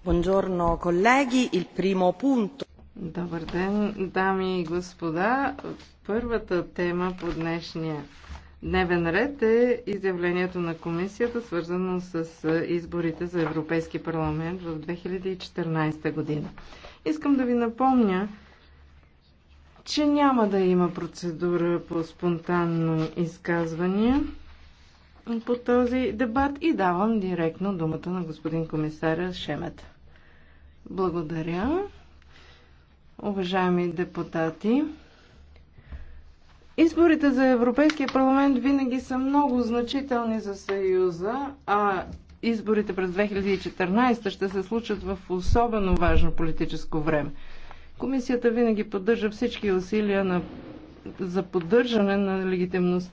Buongiorno, колеги. Il primo punto. Добър ден, дами и господа. Първата тема по днешния дневен ред е изявлението на комисията, свързано с изборите за Европейски парламент в 2014 година. Искам да ви напомня, че няма да има процедура по спонтанно изказвания по този дебат и давам директно думата на господин комисаря Шемет. Благодаря. Уважаеми депутати, изборите за Европейския парламент винаги са много значителни за Съюза, а изборите през 2014 ще се случат в особено важно политическо време. Комисията винаги поддържа всички усилия на, за поддържане на легитимността